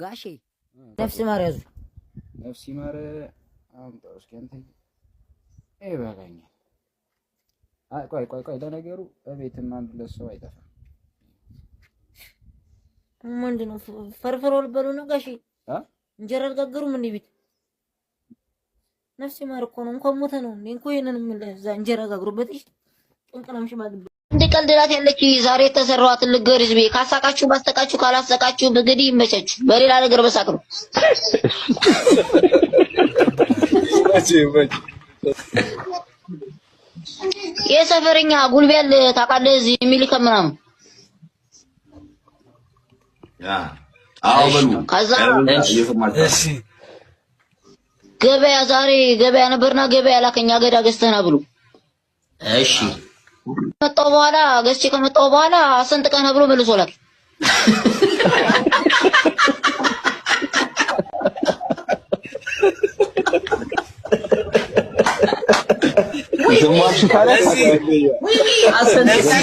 ጋሼ ነፍስ ማር ያዙ፣ ነፍስ ማር አምጣው እስኪ አንተ ይበላኛል። አይ ቆይ ቆይ ቆይ፣ ለነገሩ እቤትም አንድ ሁለት ሰው አይጠፋም። ምንድን ነው ፈርፍሮ ልበሉ ነው ጋሼ? እንጀራ አልጋገሩም እንዴ ቤት? ነፍስ ማር እኮ ነው እንኳን ሞተ ነው እንዴ? እንኳን ይሄንን ምን ለዛ እንጀራ ጋግሩበት። እሺ ጥንቅናም ሽማግሌ ቀልድ ናት ያለች ዛሬ የተሰራዋትን ልገር ህዝቤ። ካሳቃችሁ ባስተቃችሁ ካላሰቃችሁ እንግዲህ ይመቻችሁ። በሌላ ነገር በሳቅ ነው። የሰፈረኛ ጉልቤል ታውቃለህ? እዚህ የሚልከ ምናምን ከዛ ገበያ ዛሬ ገበያ ነበርና ገበያ ላከኛ አገዳ ገዝተና ብሎ እሺ ከመጣሁ በኋላ ገዝቼ ከመጣሁ በኋላ ብሎ መልሶ ላክ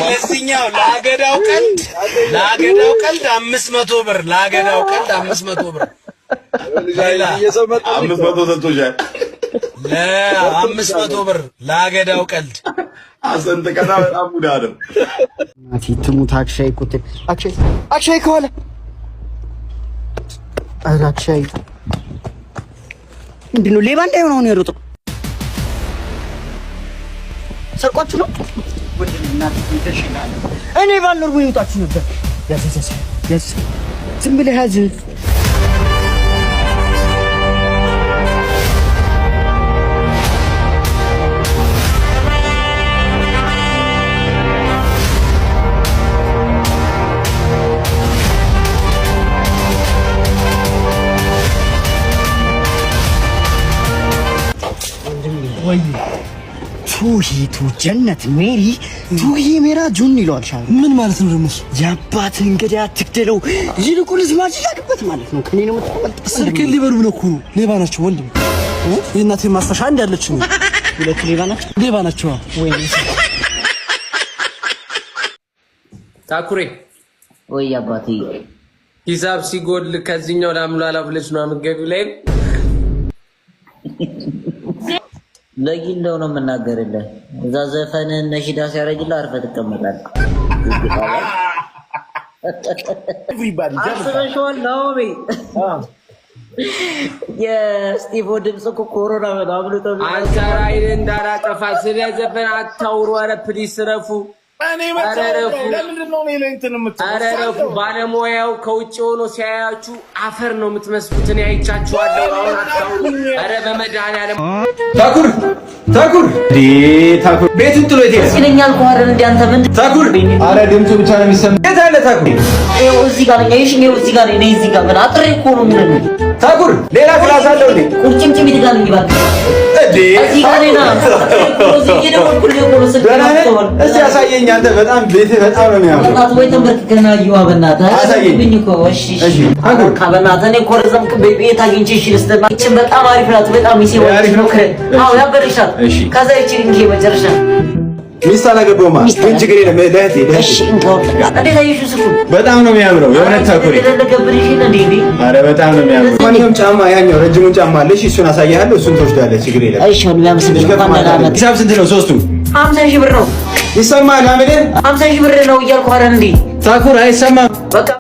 ለዚህኛው ለአገዳው ቀልድ ለአገዳው ቀልድ አምስት መቶ ብር ለአገዳው ቀልድ አምስት መቶ ብር አምስት መቶ ብር ለአገዳው ቀልድ አሰንተ ቀና በጣም ሙዳ ነው። ናቲ ትሙት አክሻይ ኮቴ አክሻይ አክሻይ ከኋላ ኧረ አክሻይ ምንድን ነው ሌባ እንዳይሆን አሁን የሮጠው ሰርቋችሁ ነው። እኔ ባልኖር ይወጣችሁ ነበር። ያዘዘ ዝም ብለህ ያዝ ቱሂ ቱ ጀነት ሜሪ ቱሂ ሜራ ጁን ይለዋል። ሻ ምን ማለት ነው ደግሞ? የአባትህን ገዳ አትግደለው፣ ይልቁንስ ማጅላቅበት ማለት ነው። ከኔ ነው የምትቆልጥ። ስልክህን ሊበሉ ነው እኮ ሌባ ናቸው። ወንድም የእናቴን ማስታወሻ አንድ ያለች ነው። ሁለት ሌባ ናቸው። ሌባ ናቸው ወይ ታኩሬ ወይ አባቴ ሂሳብ ሲጎል ከዚህኛው ላምሏላ ብለች ነው አመገቢ ላይ ለጊለው ነው የምናገርልህ። እዛ ዘፈን ነሽዳ ሲያደርግልህ አርፈህ ትቀመጣለህ። አስበሽዋል? ናኦሚ የስቲቮ ድምፅ እኮ ኮሮና በጣም አብልጦ አንሳራይን እንዳላጠፋ ስለ ዘፈን አታውሩ። ኧረ ፕሊስ ረፉ። እኔ እኔ አረረፉ ባለሙያው ከውጭ ሆኖ ሲያያችሁ አፈር ነው የምትመስሉት። እኔ አይቻችኋለሁ። ኧረ በመድኃኒዓለም ታኩር ታኩር ታኩር ቤቱን ጥሎ ይለኛል። ከኋረን እንደ አንተ ምንድን ታኩር አረ ድምፁ ብቻ ነው የሚሰማው። የት አለ ታኩር? እዚህ ጋር ነኝ። እዚህ ጋር ነኝ። እዚህ ጋር ምን አጥሬ እኮ ነው የምልህ ታጉር ሌላ ክላስ አለው እንዴ? ቁርጭምጭሚት ጋር ይባል እንዴ? እዚህ ጋር ነው ያሳየኝ። አንተ በጣም ቤት በጣም ነው ያለው። አባት ወይ ተንበርክከና ይዋ በእናትህ አሳየኝ እኮ እሺ፣ እሺ አጉር ካበናተኔ ኮረዘም ቤት አግኝቼ እሺ፣ ልስጥና እቺን በጣም አሪፍ ናት። በጣም ይሴ ወይ አሪፍ ነው። አዎ ያበረሻል። ከዛ እቺን መጨረሻ ሚስት አላገባውም። ግን ችግር የለም። በጣም ነው የሚያምረው። የእውነት ኧረ በጣም ነው የሚያምረው። ማንኛውም ጫማ ያኛው ረጅሙን ጫማ አለሽ፣ እሱን አሳያለሁ። እሱን ትወስዳለህ። ችግር የለም። ሂሳብ ስንት ነው? ሶስቱ ሀምሳ ሺህ ብር ነው። ይሰማል። ሀምሳ ሺህ ብር ነው እያልኩህ አይሰማም።